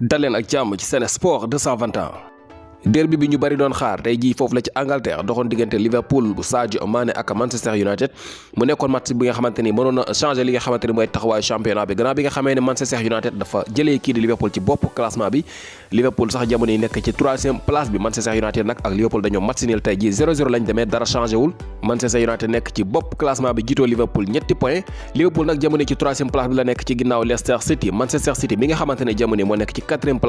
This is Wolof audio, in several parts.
dal leen ak jàmm ci Sen Sport 221 derby bi ñu bari doon xaar tey jii foofu la ci Angleterre doxoon diggante Liverpool bu Sadio Mané ak Manchester United mu nekkoon match bi nga xamante ni a changé li nga nekk ci troisième place place bi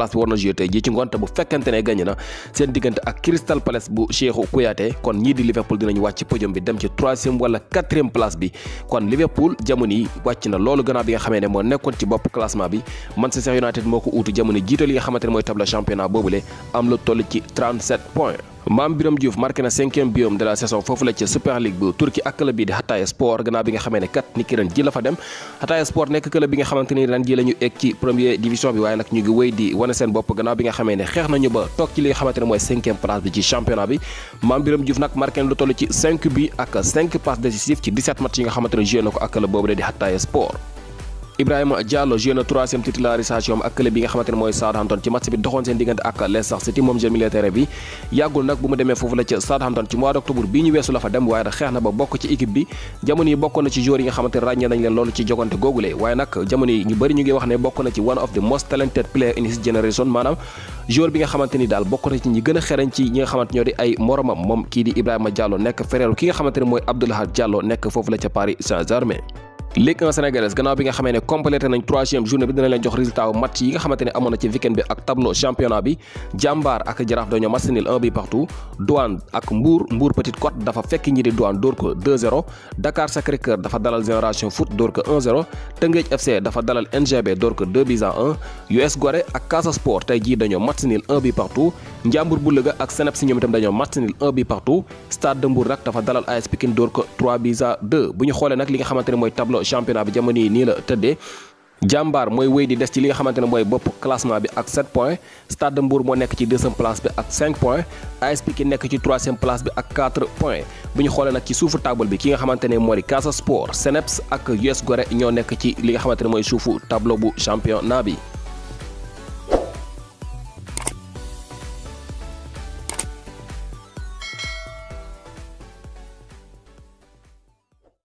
war na joué tey jii ci ngoon bu fekkente ne gagné seen diggante ak Crystal Palace bu Cheikhou Kouyaté kon ñii di Liverpool dinañ wàcc podium bi dem ci troisième wala quatrième place bi kon Liverpool jamono yi wàcc na loolu gannaaw bi nga xamee ne moo nekkoon ci bopp classement bi Manchester United moo ko uutu jamono jiital li nga xamante ne mooy tableau championnat boobule am lu toll ci 37 points. Mame Birame Diouf marqué na cinquième biom de la saison foofu la ca Super League bu Turquie ak club bi di Hatay Sport gannaaw bi nga xamee ne kat ni ki ren ji la fa dem Hatay Sport nekk club bi nga xamante ren ji la ñu ci première division bi waaye nag ñu ngi wéy di wane seen bopp gannaaw bi nga xamee ne xeex nañu ba toog ci li nga mooy cinquième place bi ci championnat bi Mame Birame Diouf nag marqué na lu toll ci 5 bi ak 5 passes décisives ci 17 matchs Ibrahima Diallo joué na troisième titularisation bi nga xamante ne mooy Southampton ci match bi doxoon seen diggante ak Leicester City moom jeune militaire bi yàggul nag bu mu demee foofu la ca Southampton ci mois d' octobre bii ñu weesu la dem waaye xeex na ba bokk ci équipe bi jamono yi bokkoon na ci joueurs yi nga xamante ne ràññee leen loolu ci jogante googule waaye nag jamono yi ñu bëri ñu ngi wax ne bokk na ci one of the most talented player in his na ci ñi gën a xereñ ci ñi nga xamante ñoo nekk frère ki nga xamante ne mooy Abdoulaye Diallo Ligue 1 sénégalaise gannaaw bi nga xamee ne complété nañ troisième journée bi dina leen jox résultat wu match yi nga xamante ne amoon na ci weekend bi ak tableau championnat bi jàmbaar ak jaraaf dañoo match nul un bi partout douane ak mbuur mbuur petite côte dafa fekk ñi di douane dóor ko 2-0 Dakar Sacré Cœur dafa dalal génération foot dóor ko 1-0 Tëngéej FC dafa dalal NGB dóor ko 2 buts à 1 US Gorée ak Casa Sport tey jii dañoo match nul un bi partout Njàmbur bu Louga ak Sénéps ñoom itam dañoo match nul 1 bi partout Stade de Mbour nag dafa dalal AS Pikine dóor ko 3 buts bu ñu xoolee nag li nga xamante ne mooy tableau championnat bi jamono yi nii la tëddee. jàmbaar mooy wéy di des ci li nga xamante ne mooy bopp classement bi ak 7 points Stade de moo nekk ci deuxième place bi ak 5 points AS Pikine nekk ci troisième place bi ak 4 points bu ñu xoole nag ci suufu table bi ki nga xamante ne moo di Casa Sport Seneps ak US Gorée ñoo nekk ci li nga xamante ne mooy suufu tableau bu championnat bi.